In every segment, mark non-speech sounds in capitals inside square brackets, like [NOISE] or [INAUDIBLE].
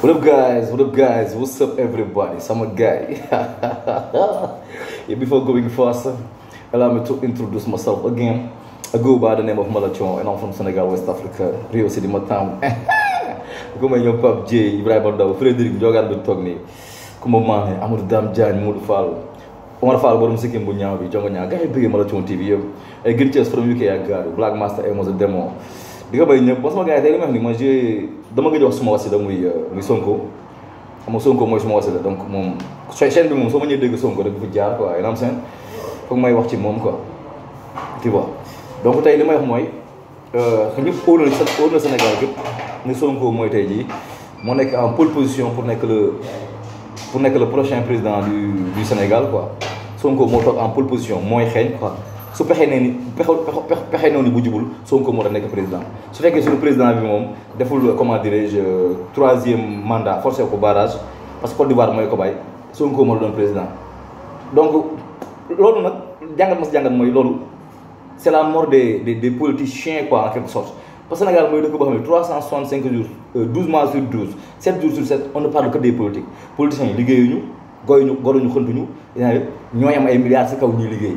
What up guys, what up guys, what's up everybody, so I'm a guy. [LAUGHS] yeah, before going faster, allow me to introduce myself again. I go by the name of Malachon and I'm from Senegal, West Africa, Rio City, my town. [LAUGHS] Come your Pub Kuma ñoom Pape Dieye Ibrahima Ndaw Come on, man. I'm Kumba damn Amadou Dame Diagne Modou Fall Omar Fall borom sikkim bu ñaaw bi jongo ñaaw gars yi bëggee Malachon TV yëpp ay gën Thiès from UK ak gaaru Black Master Emos Demo diga bay béy ñëpp ba sama gars yi tey li ma wax nii man j'ai dama gëj wax suma wasila muy muy Sonko xam Sonko moy suma wasila donc mom chaîne bi moom sama ma ñëwee dégg Sonko rek bu jaar quoi yéen am seen foog may wax ci mom quoi tu vois. donc tay tey li may wax mooy ñëpp óolu na óolu na Sénégal yëpp ni Sonko moy tay ji mo nekk en ah, pole position pour nekk le pour nekk le prochain président du du Sénégal quoi Sonko mo tok en ah, pole position moy xeeñ quoi su pexee nee ni pexe pexe nee ni bu jubul Sonko moo tax nekk président su fekkee suñu président bi moom deful comment dirais-je troisième mandat forcé ko barrage parce que Côte d'Ivoire mooy ko bàyyi Sonko moo doon président. donc loolu nag jàngat ma sa jàngat mooy loolu c'est la mort des des des politiciens quoi en quelque sorte parce que Sénégal mooy dëkk boo xam ne 365 jours 12 euh, mois sur 12 7 jours sur 7 on ne parle que des politiques politiciens yi liggéeyuñu goyuñu goruñu xëntuñu ñoo yam ay milliards si kaw ñuy liggéey.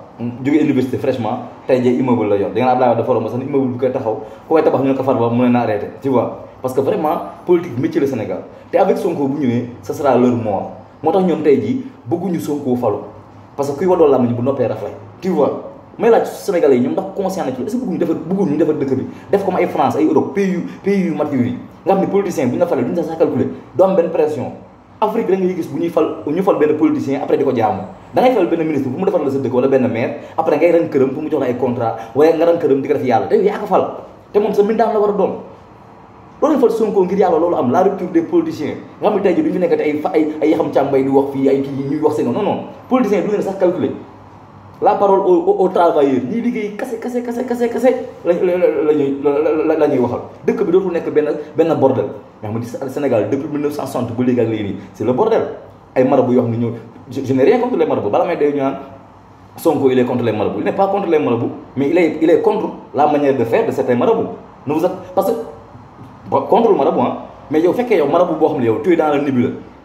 jóge université fraîchement ya. tay jii immeuble la yor da ngeen Abdoulaye Wade dafa romb sax immeuble bu koy taxaw ko koy tabax ñu ko far ba mu ne arrêté tu vois parce que vraiment politique métier le Sénégal té avec Sonko bu ñëwé eh, ça sera leur mort motax ñom tay ji bëggu ñu Sonko falu parce que kuy wadoo làmmiñ bu noppé raf tu vois mais la Sénégalais ñom ndax conscient na ci est-ce bëggu ñu défa bëggu ñu défa dëkk bi def comme ay France ay Europe pays pays yu mature yi nga xam ne politicien bu ñu la falee duñu sa calculer do am ben pression Afrique da ngay gis bu ñuy fal benn politicien après di ko jaamu da fal benn ministre bu mu defal la sa dëkk wala benn maire après ngay ran këram pour mu jox la contrat waaye nga ran këram di ko def yàlla te yaa ko fal te moom sa mindaan la war a doon loolu fal Sonko ngir yàlla loolu am la rupture des politiciens nga xam ne di wax fii ay kii ñuy wax seen non non politicien du leen sax calculer la parole au au travailleur ñiy liggéey kase kase kase kase kase la la ñuy la ñuy waxal dëkk bi dootul nekk benn benn bordel nga xam ne Sénégal depuis 1960 ba léegi ak léegi nii c'est le bordel ay marabu yoo xam ne ñoo je n'ai rien contre les bala may day ñu Sonko il contre les marabouts il n'est contre la manière de faire de certains marabouts ne vous êtes parce que contre le marabout ah mais yow fekkee yow marabout boo xam ne yow tu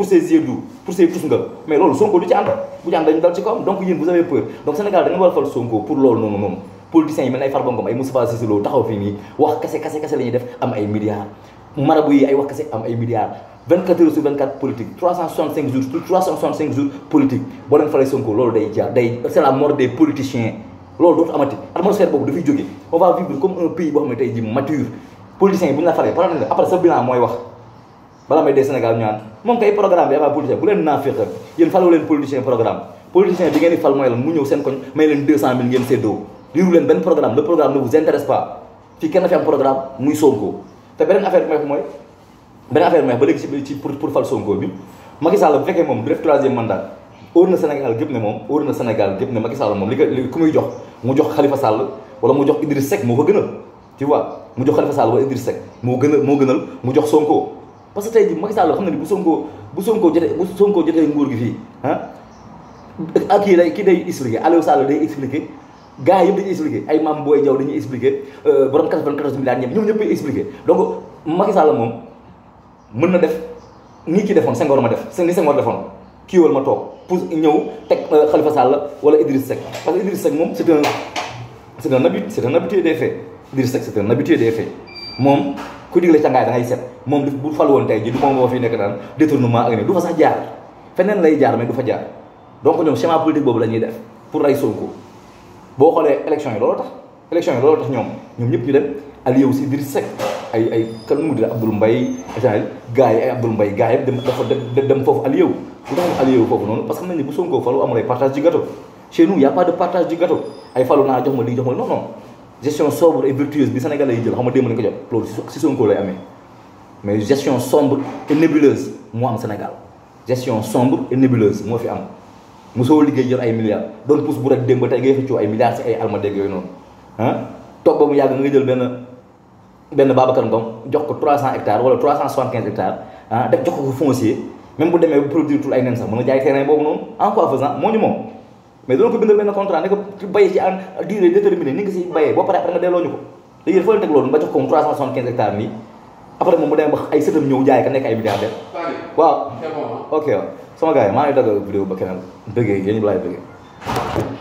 pour ses yeux doux pour ses pousse ngam. mais loolu Sonko du ci ànd bu ci ànd dañu dal ci kawam donc yeen vous avez peur donc Sénégal da nga war fal Sonko pour loolu non non. politiciens yi mel ay Farba Ngom ay Moustapha Cissé Lo taxaw fi ni wax kasse kasse kasse lañu def am ay milliards marabu yi ay wax kasse am ay milliards 24 heures sur 24 politique 365 jours sur 365 jours politique boo leen falee Sonko loolu day jaar day c'est la mort des politiciens lolu dootu amati atmosphère boobu dafay jógee on va vivre comme un pays boo xam ne tey jii mature politiciens yi bu ñu la falee par après sa bilan mooy wax balaa may dee Sénégal ñu naan moom kay programme bi avant politicien bu leen naa féq yéen falu leen politicien programme politicien bi ngeen di fal mooy lan mu ñëw seen koñ may leen 200000 ngeen séddoo liiru leen benn programme le programme ne vous intéresse pas fii kenn fi am programme muy Sonko te beneen affaire mooy beneen affaire bi ba léegi ci pour pour fal Sonko bi Macky Sall bu fekkee moom du def troisième mandat óor na Sénégal gépp na Sénégal gépp ne Macky Sall moom li ko li ku muy jox mu jox Khalifa Sall wala mu moo ko gënal tu vois mu jox Khalifa Sall moo gën a moo gënal mu jox Sonko parce que tey jii Macky Sall xam na ni bu Sonko bu Sonko jotee bu Sonko jotee nguur gi fii ah ak kii day kii day expliqué Aliou Sall day expliqué gars yëpp dañuy expliqué ay Mame Boye Diaw dañuy expliqué euh, borom 94 milliards ñëpp ñoom ñëpp ay expliqué ma Macky moom mën na def ni kii defoon Senghor ma def ni Senghor defoon kii wal ma toog pour ñëw teg euh, Khalifa Sall wala Idriss Seck parce que Idriss Seck moom c' est un c' est un habitué c' est un habitué des faits Idriss Seck c' est un moom ku digle cangaay da ngay set moom du bu fal woon tey ji du moom moo fi nekk daan détournement ak ne du fa sax jaar feneen lay jaar mais du fa jaar donc ñoom schéma politique boobu la ñuy def pour ay Sonko boo xoolee élection yi loolu tax élection yi loolu tax ñoom ñoom ñëpp ñu dem allié wu si Idrissa set ay ay kan mu di Abdoul Mbaye échange gars yi ay Abdoul Mbaye gars dem dem foofu allié wu tax ñu allié foofu noonu parce que xam nañ ne bu Sonko falu amul a pas de partage ay falu naa jox ma lii jox gestion sombre et vertueuse du Sénégal je xam pas si mais gestion sombre et nébuleuse Moi, am Sénégal gestion sombre et nébuleuse Moi, fi am Je liggéey jël ay milliards doon pousse bu rek milliards ay alma dégg ah 300 hectares 375 hectares hein, même si vous avez produire ay vous avez un terrain en quoi faisant monument mais doo ko bindal benn contrat ne ko ci bay ci en durée déterminée ni nga si bayee boo paree après nga delloo ñu ko léegi dafa leen teg loolu nga jox ko moom 375 hectares nii après moom mu dem wax ay sëtam ñëw jaay ka nekk ay milliardaire waaw ok waaw sama gars maa ngi dagg vidéo ba keneen bëggee yéen ñu laay bëggee